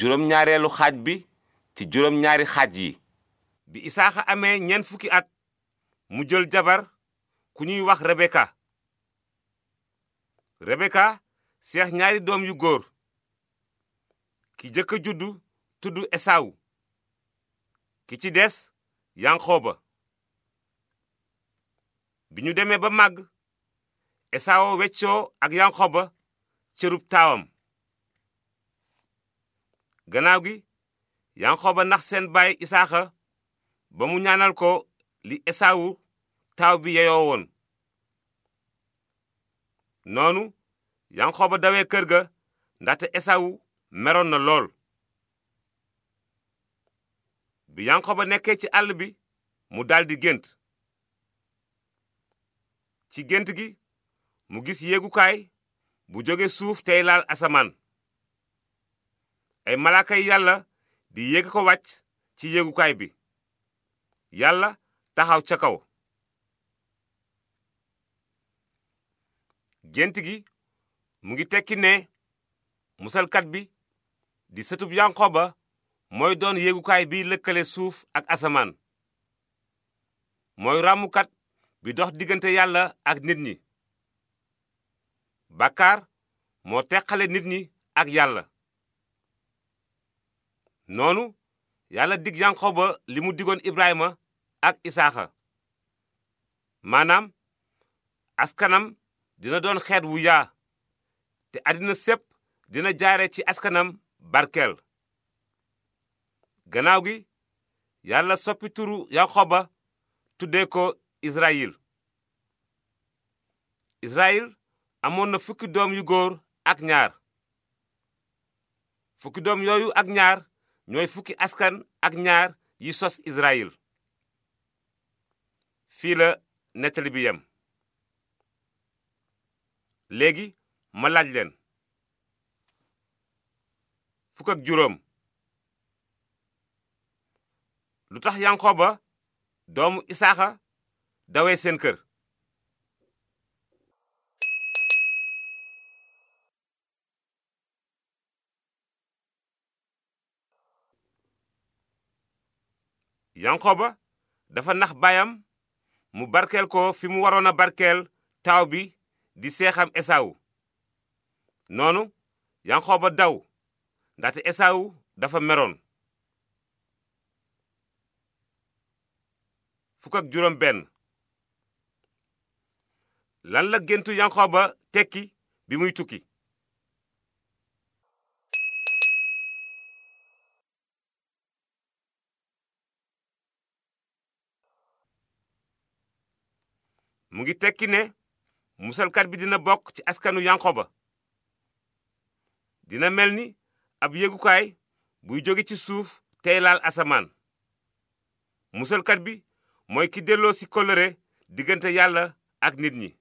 juróom-ñaareelu xaaj bi ci juróom-ñaari xaaj yi bi isaaxa amee ñeent fukki at mu jël jabar ku ñuy wax rebeka rebeka seex ñaari doom yu góor ki jëkk a juddu tudd esaawu ki ci des yanqooba bi ñu demee ba màgg esaawo weccoo ak yanqooba cërub taawam gannaaw gi yanqooba nax seen baay isaaxa ba mu ñaanal ko li esaawu taaw bi yeyoo woon noonu yanqooba dawee kër ga ndaxte esaawu meroon na lool bi yanqooba nekkee ci àll bi mu daldi gént ci gént gi mu gis yéegukaay bu jóge suuf tey laal asamaan ay malaakay yàlla di yéeg ko wàcc ci yéegukaay bi yàlla taxaw ca kaw gént gi mu ngi tekki ne musalkat bi di sëtub yanqoba mooy doon yéegukaay bi lëkkale suuf ak asamaan mooy ràmmukat bi dox diggante yàlla ak nit ñi bakkaar moo teqale nit ñi ak yàlla noonu yàlla dig yanqoba li mu digoon ibrahima ak isaaxa maanaam askanam dina doon xeet wu yaa te àddina sépp dina jaare ci askanam barkel gannaaw gi yàlla soppituru turu tuddee ko israyil israyil amoon na fukki doom yu góor ak ñaar fukki doom yooyu ak ñaar ñooy fukki askan ak ñaar yi sos Israyil fii la nettali bi yem léegi ma laaj leen fukk ak juróom lu tax Yankoba doomu Isaaxa dawee seen kër yanqoba dafa nax baayam mu barkeel ko fi mu waroon a barkeel taaw bi di seexam esaawu noonu yanqoba daw ndaxte esaawu dafa meroon fukk ak lan la géntu yanqoba tekki bi muy tukki mu ngi tekki ne musalkat bi dina bokk ci askanu ba dina mel ni ab yégukaay buy jóge ci suuf tey laal asamaan musalkat bi mooy ki delloo ci kóllëre diggante yàlla ak nit ñi